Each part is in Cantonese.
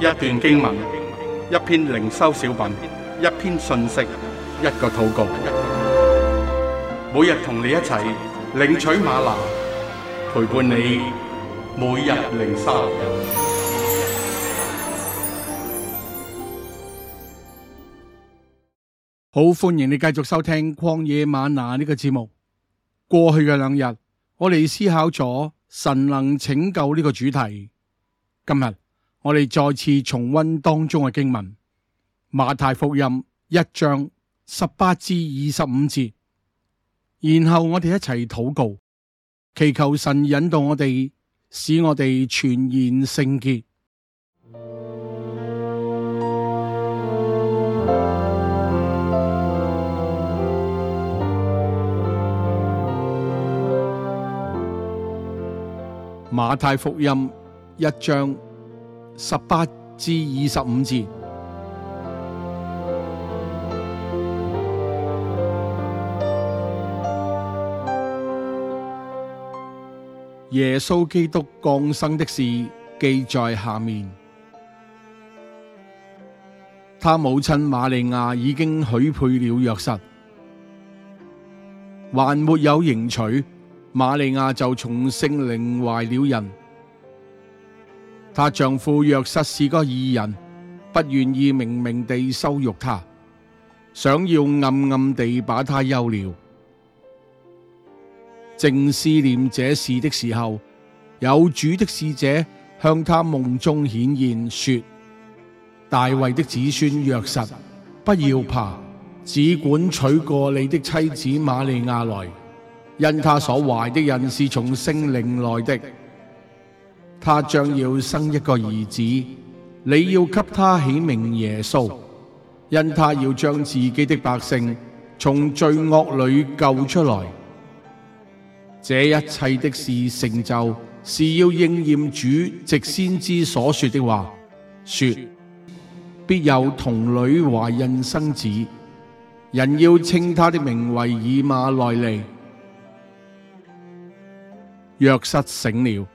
一段經文，一篇靈修小品，一篇信息，一個禱告。每日同你一齊領取嗎哪，陪伴你每日靈修。好，歡迎你繼續收聽曠野嗎哪呢個節目。過去嘅兩日，我哋思考咗神能拯救呢個主題。今日。我哋再次重溫當中嘅經文《馬太福音》一章十八至二十五節，然後我哋一齊禱告，祈求神引導我哋，使我哋全然聖潔。《馬太福音》一章。十八至二十五節，耶穌基督降生的事記在下面。他母親瑪利亞已經許配了約瑟，還沒有迎娶，瑪利亞就從聖靈懷了孕。」她丈夫約瑟是個義人，不願意明明地羞辱她，想要暗暗地把她休了。正思念這事的時候，有主的使者向他夢中顯現，說：大衛的子孫約瑟，不要怕，只管娶過你的妻子瑪利亞來，因她所懷的孕是從聖靈來的。他將要生一個兒子，你要給他起名耶穌，因他要將自己的百姓從罪惡裏救出來。這一切的事成就，是要應驗主藉先知所說的話，說必有童女懷孕生子，人要稱他的名為以馬內利。若失醒了。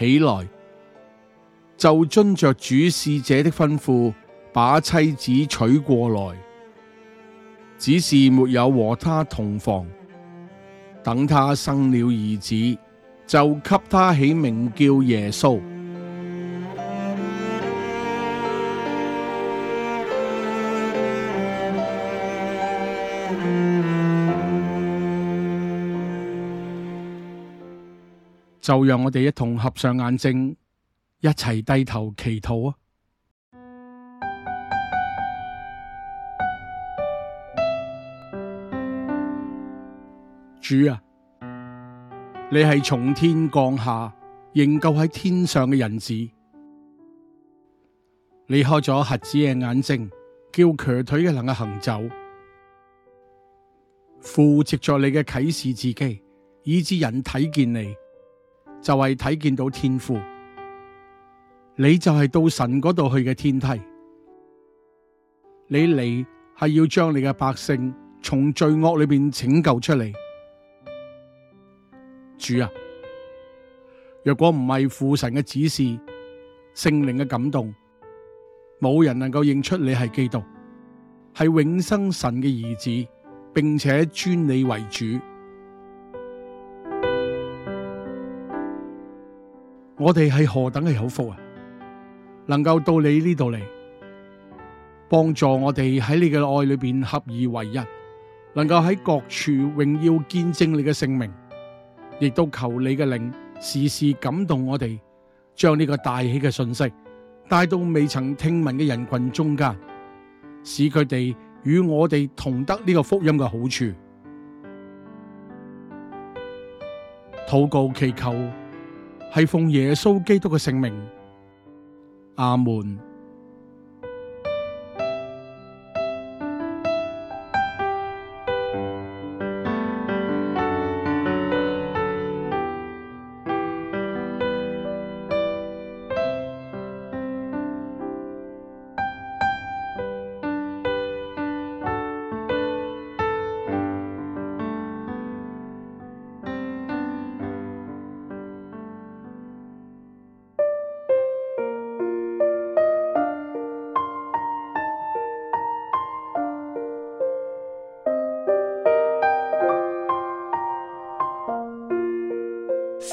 起來，就遵着主使者的吩咐，把妻子娶過來，只是沒有和他同房。等他生了兒子，就給他起名叫耶穌。就讓我哋一同合上眼睛，一齊低頭祈禱啊！主啊，你係從天降下，仍舊喺天上嘅人子，你開咗瞎子嘅眼睛，叫瘸腿嘅能夠行走，扶植在你嘅啟示自己，以致人睇見你，就係睇見到天父，你就係到神嗰度去嘅天梯，你嚟係要將你嘅百姓從罪惡裏邊拯救出嚟。主啊，若果唔係父神嘅指示，聖靈嘅感動，冇人能夠認出你係基督，係永生神嘅兒子，並且尊你為主。我哋係何等嘅有福啊！能夠到你呢度嚟，幫助我哋喺你嘅愛裏邊合二為一，能夠喺各處榮耀見證你嘅聖名，亦都求你嘅靈時時感動我哋，將呢個大喜嘅信息帶到未曾聽聞嘅人群中間，使佢哋與我哋同得呢個福音嘅好處。禱告祈求。係奉耶穌基督嘅聖名，阿門。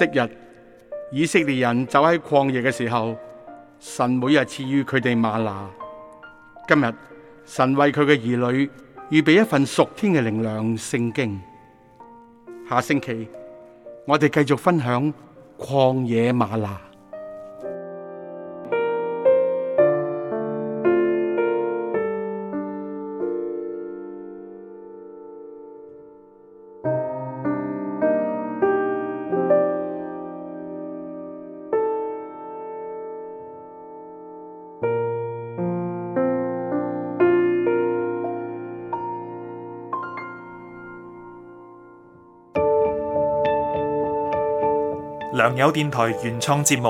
昔日以色列人走喺曠野嘅時候，神每日賜予佢哋嗎哪。今日神為佢嘅兒女預備一份屬天嘅靈糧——聖經。下星期我哋繼續分享曠野嗎哪。良友電台原創節目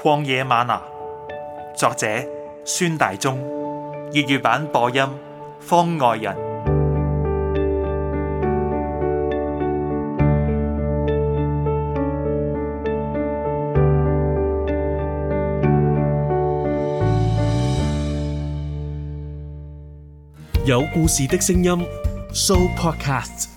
《曠野嗎哪》，作者孫大中，粵語版播音方外人，有故事的聲音，Show Podcast。